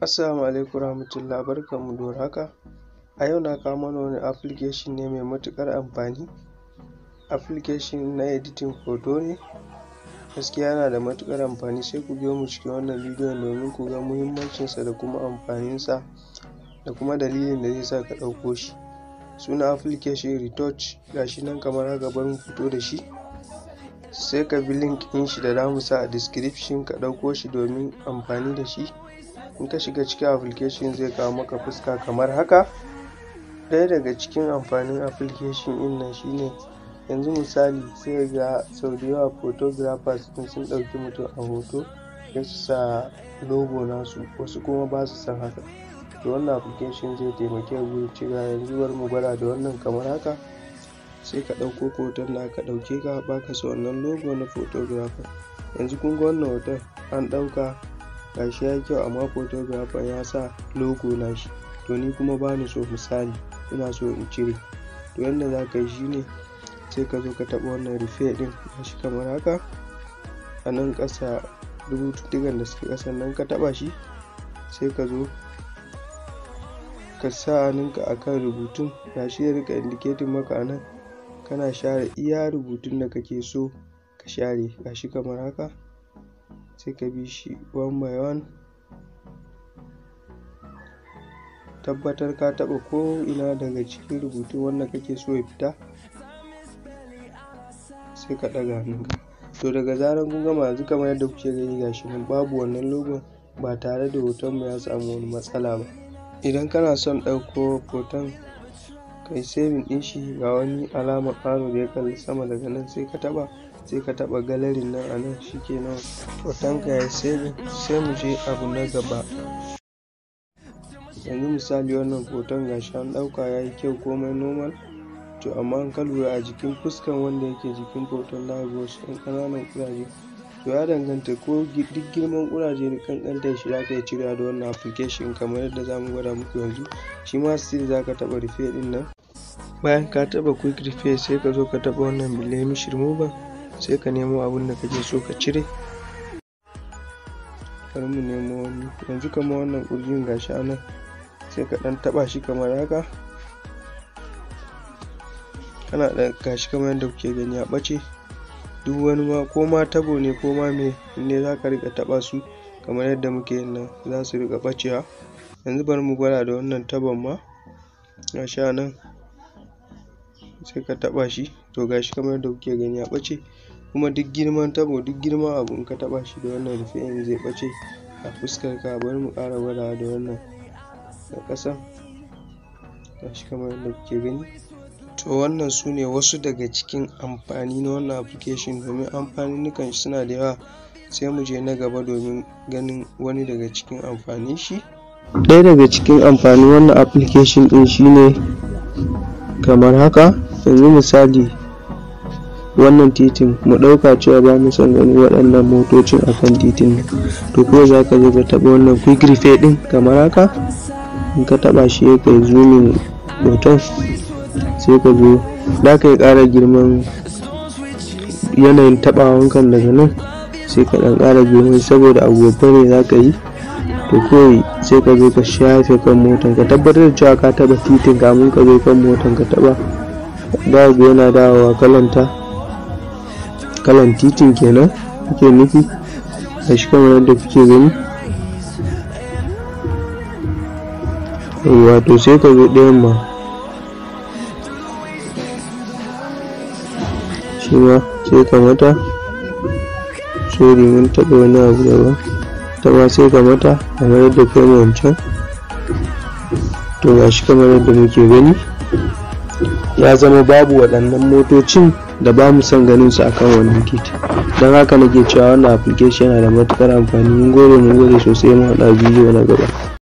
Assalamu alaikum warahmatullah barkanmu da warhaka a yau na kawo mana wani application ne mai matuƙar amfani application na editing hoto ne gaskiya yana da matukar amfani sai ku biyo mu cikin wannan bidiyon domin ku ga muhimmancinsa da kuma amfaninsa da kuma dalilin da zai sa ka ɗauko shi suna application retouch gashi nan kamar haka bari mu fito da shi sai ka bi link ɗin shi da za mu sa a description ka ɗauko shi domin amfani da shi in ka shiga cikin application zai kawo maka fuska kamar haka daya daga cikin amfanin application in nan shine yanzu misali sai ga sau da photographers din sun ɗauki mutum a hoto ya su sa logo nasu wasu kuma ba su san haka to wannan application zai taimake gurin cewa yanzu bar mu gwada da wannan kamar haka sai ka ɗauko hoton da aka ɗauke ka baka sa wannan logo na photographer yanzu kun ga wannan hoton an ɗauka gashi ya yi kyau amma photographer ya sa logo shi to ni kuma ba ni so misali ina so in cire to yadda za ka yi shine sai ka zo ka taɓa wannan rufe ɗin shi kamar haka a nan ƙasa rubututtukan da suke ƙasan nan ka taɓa shi sai ka zo ka sa hannunka a kan rubutun ga shi ya rika indicating maka a nan kana share iya rubutun da kake so ka share ga shi kamar haka sai ka bi shi one by one tabbatar ka taba ko ina daga cikin rubutu wanda kake so ya fita sai ka ɗaga hannunka to daga zarar kun gama yanzu kamar yadda kuke gani gashi nan babu wannan logon ba tare da hoton mu ya samu wani matsala ba idan kana son ɗauko hoton kai saving ɗin shi ga wani alamar ƙaro da ya kalli sama daga nan sai ka taba sai ka taɓa galarin nan a nan shikenan hotonka ya sai mu je abu na gaba yanzu misali wannan hoton ga shan ɗauka ya yi kyau komai normal to amma an kalura a jikin fuskan wanda yake jikin hoton na wasu yan kananan ƙuraje to ya danganta ko duk girman ƙuraje ne ƙanƙantar shi za ka yi cira da wannan application kamar yadda za mu gwada muku yanzu shi ma still za ka taɓa rufe din nan bayan ka taba quick rufe sai ka zo ka taba wannan blemish remover sai ka nemo abin da kake so ka cire kar mu nemo wani yanzu kama wannan kurjin gashi a nan sai ka ɗan taɓa shi kamar haka kana da gashi kamar yadda kuke gani a ɓace duk wani ma ko ma tabo ne ko ma me ne za ka riƙa taɓa su kamar yadda muke yin nan za su riƙa bacewa yanzu bari mu gwada da wannan tabon ma gashi a nan sai ka taɓa shi to gashi kamar yadda kuke gani ya ɓace kuma duk girman tabo duk girman abu in ka taɓa shi da wannan rufe in zai ɓace a fuskar ka bari mu ƙara gwadawa da wannan na ƙasan gashi kamar yadda kuke gani to wannan su ne wasu daga cikin amfani na wannan application domin amfaninukan shi suna da yawa sai mu je na gaba domin ganin wani daga cikin amfanin shi ɗaya daga cikin amfanin wannan application ɗin shine kamar haka yanzu misali wannan titin mu ɗauka cewa ba mu son gani waɗannan motocin a kan titin to ko za ka zo ka taɓa wannan quick refe ɗin kamar haka in ka taɓa shi ya kai zumin hoton sai ka zo da ka yi ƙara girman yanayin taɓawankan daga nan sai ka ɗan ƙara girman saboda abu ne za ka yi to kawai sai ka zo ka shafe kan motan ka tabbatar da cewa ka taɓa titin kamun ka zo kan motan ka taɓa dago yana dawowa kalanta kalan titin kenan kuke nufi a shi kamar yadda kuke gani wato sai ka zo ɗayan ma shi ma sai ka mata sori mun taɓa wani abu daban ta ma sai ka mata kamar yadda kai wancan to ga shi kamar yadda muke gani ya zama babu waɗannan motocin da ba mu son ganin su a kan wani titi don haka nake cewa wannan application yana da matukar amfani mun mu mun sosai mu haɗa bidiyo na gaba